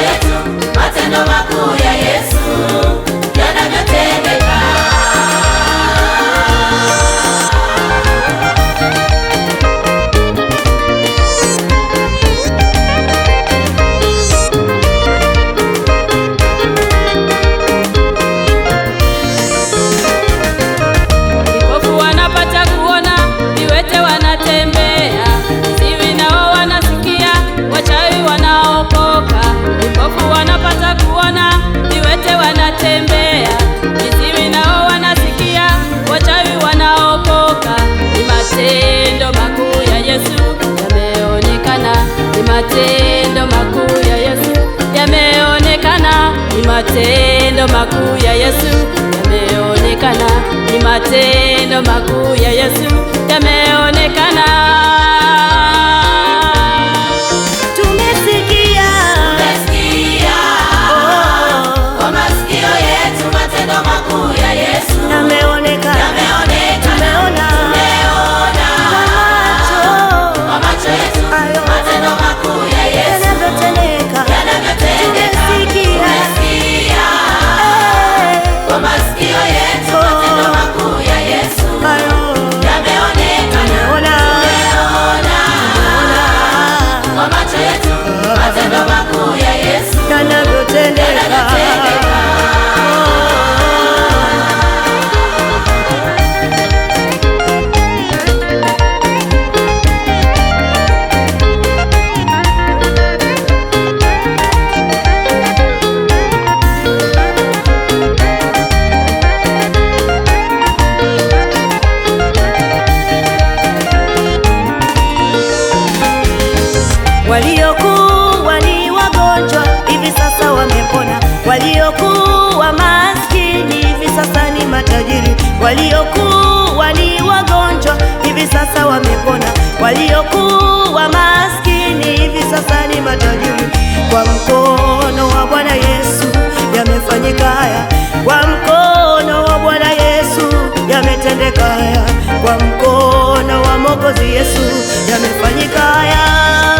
yetu matendo makuu matendo makuu ya Yesu yameonekana, ni matendo makuu ya Yesu wamepona, waliokuwa maskini hivi sasa ni matajiri, waliokuwa ni wagonjwa hivi sasa wamepona, waliokuwa maskini hivi sasa ni matajiri. Kwa mkono wa Bwana Yesu yamefanyika haya, kwa mkono wa Bwana Yesu yametendeka haya, kwa mkono wa Mwokozi Yesu yamefanyika haya.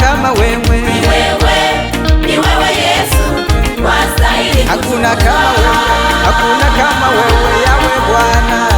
kama wewe, ni wewe, ni wewe Yesu, wastahili, hakuna kama wewe, hakuna kama wewe, yawe Bwana.